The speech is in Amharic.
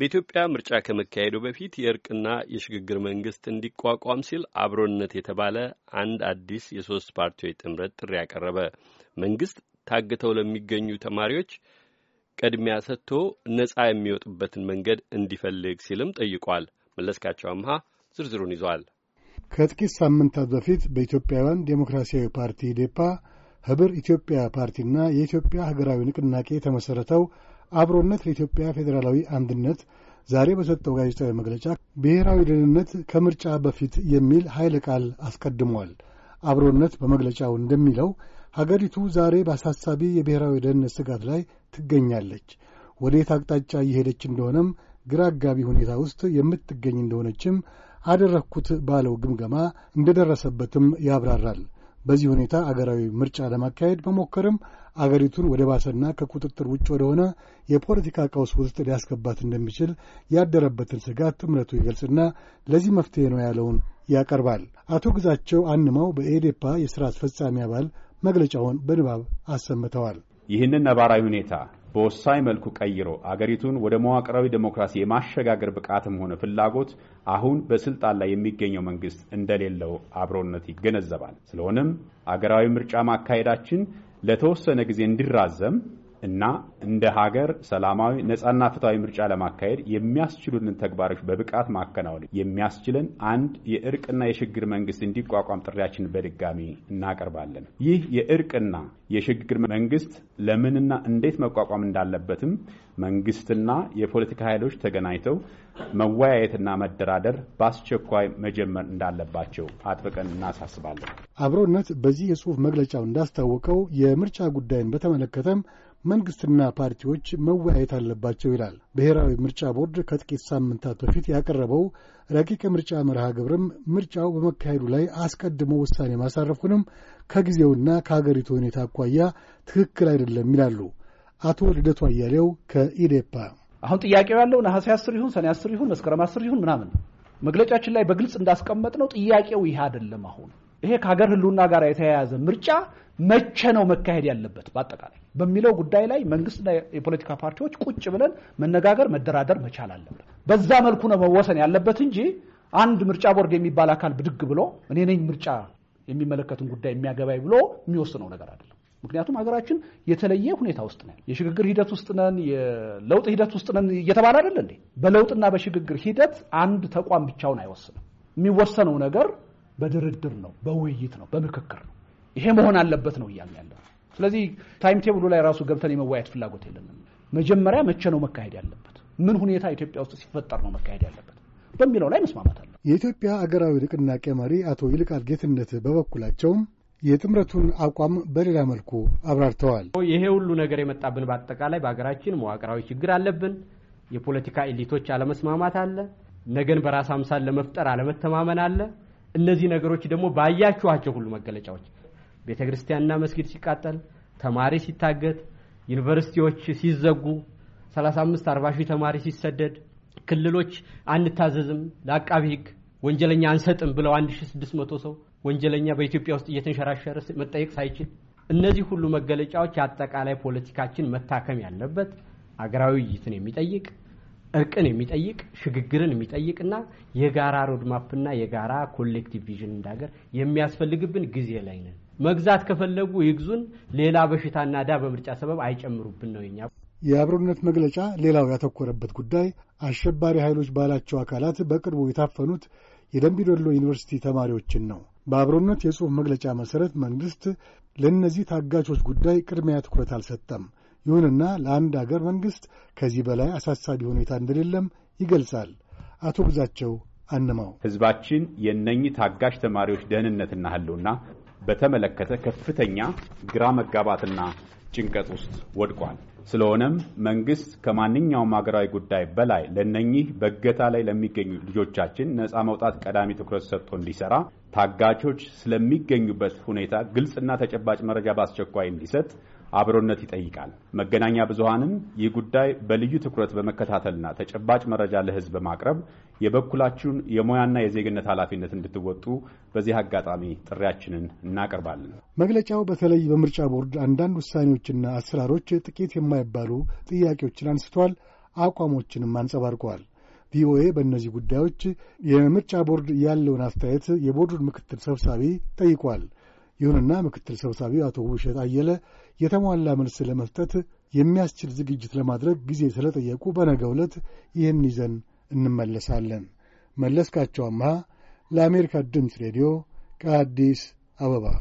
በኢትዮጵያ ምርጫ ከመካሄዱ በፊት የእርቅና የሽግግር መንግስት እንዲቋቋም ሲል አብሮነት የተባለ አንድ አዲስ የሶስት ፓርቲዎች ጥምረት ጥሪ ያቀረበ መንግስት ታግተው ለሚገኙ ተማሪዎች ቅድሚያ ሰጥቶ ነጻ የሚወጡበትን መንገድ እንዲፈልግ ሲልም ጠይቋል። መለስካቸው አምሃ ዝርዝሩን ይዟል። ከጥቂት ሳምንታት በፊት በኢትዮጵያውያን ዴሞክራሲያዊ ፓርቲ ዴፓ ኅብር ኢትዮጵያ ፓርቲና የኢትዮጵያ ሀገራዊ ንቅናቄ ተመሠረተው አብሮነት ለኢትዮጵያ ፌዴራላዊ አንድነት ዛሬ በሰጠው ጋዜጣዊ መግለጫ ብሔራዊ ደህንነት ከምርጫ በፊት የሚል ኃይለ ቃል አስቀድሟል። አብሮነት በመግለጫው እንደሚለው ሀገሪቱ ዛሬ በአሳሳቢ የብሔራዊ ደህንነት ስጋት ላይ ትገኛለች። ወዴት አቅጣጫ እየሄደች እንደሆነም ግራ አጋቢ ሁኔታ ውስጥ የምትገኝ እንደሆነችም አደረግኩት ባለው ግምገማ እንደደረሰበትም ያብራራል። በዚህ ሁኔታ አገራዊ ምርጫ ለማካሄድ መሞከርም አገሪቱን ወደ ባሰና ከቁጥጥር ውጭ ወደሆነ የፖለቲካ ቀውስ ውስጥ ሊያስገባት እንደሚችል ያደረበትን ስጋት ትምህርቱ ይገልጽና ለዚህ መፍትሄ ነው ያለውን ያቀርባል። አቶ ግዛቸው አንማው በኢዴፓ የሥራ አስፈጻሚ አባል መግለጫውን በንባብ አሰምተዋል። ይህንን ነባራዊ ሁኔታ በወሳኝ መልኩ ቀይሮ አገሪቱን ወደ መዋቅራዊ ዴሞክራሲ የማሸጋገር ብቃትም ሆነ ፍላጎት አሁን በስልጣን ላይ የሚገኘው መንግስት እንደሌለው አብሮነት ይገነዘባል። ስለሆነም አገራዊ ምርጫ ማካሄዳችን ለተወሰነ ጊዜ እንዲራዘም እና እንደ ሀገር ሰላማዊ ነጻና ፍትሐዊ ምርጫ ለማካሄድ የሚያስችሉንን ተግባሮች በብቃት ማከናወን የሚያስችልን አንድ የእርቅና የሽግግር መንግስት እንዲቋቋም ጥሪያችን በድጋሚ እናቀርባለን። ይህ የእርቅና የሽግግር መንግስት ለምንና እንዴት መቋቋም እንዳለበትም መንግስትና የፖለቲካ ኃይሎች ተገናኝተው መወያየትና መደራደር በአስቸኳይ መጀመር እንዳለባቸው አጥብቀን እናሳስባለን። አብሮነት በዚህ የጽሑፍ መግለጫው እንዳስታወቀው የምርጫ ጉዳይን በተመለከተም መንግስትና ፓርቲዎች መወያየት አለባቸው ይላል። ብሔራዊ ምርጫ ቦርድ ከጥቂት ሳምንታት በፊት ያቀረበው ረቂቅ ምርጫ መርሃ ግብርም ምርጫው በመካሄዱ ላይ አስቀድሞ ውሳኔ ማሳረፉንም ከጊዜውና ከአገሪቱ ሁኔታ አኳያ ትክክል አይደለም ይላሉ አቶ ልደቱ አያሌው ከኢዴፓ። አሁን ጥያቄው ያለው ነሐሴ አስር ይሁን ሰኔ አስር ይሁን መስከረም አስር ይሁን ምናምን መግለጫችን ላይ በግልጽ እንዳስቀመጥ ነው። ጥያቄው ይህ አይደለም አሁን ይሄ ከሀገር ህልውና ጋር የተያያዘ ምርጫ መቼ ነው መካሄድ ያለበት በአጠቃላይ በሚለው ጉዳይ ላይ መንግስትና የፖለቲካ ፓርቲዎች ቁጭ ብለን መነጋገር፣ መደራደር መቻል አለብን። በዛ መልኩ ነው መወሰን ያለበት እንጂ አንድ ምርጫ ቦርድ የሚባል አካል ብድግ ብሎ እኔ ነኝ ምርጫ የሚመለከትን ጉዳይ የሚያገባኝ ብሎ የሚወስነው ነገር አይደለም። ምክንያቱም ሀገራችን የተለየ ሁኔታ ውስጥ ነን፣ የሽግግር ሂደት ውስጥ ነን፣ የለውጥ ሂደት ውስጥ ነን እየተባለ አይደለ እንዴ? በለውጥና በሽግግር ሂደት አንድ ተቋም ብቻውን አይወስንም። የሚወሰነው ነገር በድርድር ነው፣ በውይይት ነው፣ በምክክር ነው። ይሄ መሆን አለበት ነው እያልን ያለ። ስለዚህ ታይም ቴብሉ ላይ ራሱ ገብተን የመወያየት ፍላጎት የለንም። መጀመሪያ መቼ ነው መካሄድ ያለበት፣ ምን ሁኔታ ኢትዮጵያ ውስጥ ሲፈጠር ነው መካሄድ ያለበት በሚለው ላይ መስማማት አለ። የኢትዮጵያ አገራዊ ንቅናቄ መሪ አቶ ይልቃል ጌትነት በበኩላቸውም የጥምረቱን አቋም በሌላ መልኩ አብራርተዋል። ይሄ ሁሉ ነገር የመጣብን በአጠቃላይ በሀገራችን መዋቅራዊ ችግር አለብን። የፖለቲካ ኤሊቶች አለመስማማት አለ። ነገን በራስ አምሳል ለመፍጠር አለመተማመን አለ። እነዚህ ነገሮች ደግሞ ባያችኋቸው ሁሉ መገለጫዎች ቤተ ክርስቲያንና መስጊድ ሲቃጠል፣ ተማሪ ሲታገት፣ ዩኒቨርሲቲዎች ሲዘጉ፣ 35 40 ሺህ ተማሪ ሲሰደድ፣ ክልሎች አንታዘዝም ለአቃቢ ህግ ወንጀለኛ አንሰጥም ብለው 1600 ሰው ወንጀለኛ በኢትዮጵያ ውስጥ እየተንሸራሸረ መጠየቅ ሳይችል እነዚህ ሁሉ መገለጫዎች የአጠቃላይ ፖለቲካችን መታከም ያለበት አገራዊ ውይይትን የሚጠይቅ እርቅን የሚጠይቅ ሽግግርን የሚጠይቅና የጋራ ሮድማፕና የጋራ ኮሌክቲቭ ቪዥን እንዳገር የሚያስፈልግብን ጊዜ ላይ ነን። መግዛት ከፈለጉ ይግዙን፣ ሌላ በሽታና ዳ በምርጫ ሰበብ አይጨምሩብን ነው የኛ የአብሮነት መግለጫ። ሌላው ያተኮረበት ጉዳይ አሸባሪ ኃይሎች ባላቸው አካላት በቅርቡ የታፈኑት የደንቢዶሎ ዩኒቨርሲቲ ተማሪዎችን ነው። በአብሮነት የጽሑፍ መግለጫ መሠረት መንግሥት ለእነዚህ ታጋቾች ጉዳይ ቅድሚያ ትኩረት አልሰጠም። ይሁንና ለአንድ አገር መንግሥት ከዚህ በላይ አሳሳቢ ሁኔታ እንደሌለም ይገልጻል። አቶ ግዛቸው አንማው ሕዝባችን የእነኚህ ታጋሽ ተማሪዎች ደህንነትና ሕልውና በተመለከተ ከፍተኛ ግራ መጋባትና ጭንቀት ውስጥ ወድቋል። ስለሆነም መንግስት ከማንኛውም ሀገራዊ ጉዳይ በላይ ለነኚህ በእገታ ላይ ለሚገኙ ልጆቻችን ነፃ መውጣት ቀዳሚ ትኩረት ሰጥቶ እንዲሰራ፣ ታጋቾች ስለሚገኙበት ሁኔታ ግልጽና ተጨባጭ መረጃ በአስቸኳይ እንዲሰጥ አብሮነት ይጠይቃል። መገናኛ ብዙሃንም ይህ ጉዳይ በልዩ ትኩረት በመከታተልና ተጨባጭ መረጃ ለሕዝብ በማቅረብ የበኩላችሁን የሙያና የዜግነት ኃላፊነት እንድትወጡ በዚህ አጋጣሚ ጥሪያችንን እናቀርባለን። መግለጫው በተለይ በምርጫ ቦርድ አንዳንድ ውሳኔዎችና አሰራሮች ጥቂት የማይባሉ ጥያቄዎችን አንስቷል፣ አቋሞችንም አንጸባርቀዋል። ቪኦኤ በእነዚህ ጉዳዮች የምርጫ ቦርድ ያለውን አስተያየት የቦርዱን ምክትል ሰብሳቢ ጠይቋል። ይሁንና ምክትል ሰብሳቢው አቶ ውብሸት አየለ የተሟላ መልስ ለመስጠት የሚያስችል ዝግጅት ለማድረግ ጊዜ ስለጠየቁ በነገ ዕለት ይህን ይዘን እንመለሳለን። መለስካቸው አምሃ ለአሜሪካ ድምፅ ሬዲዮ ከአዲስ አበባ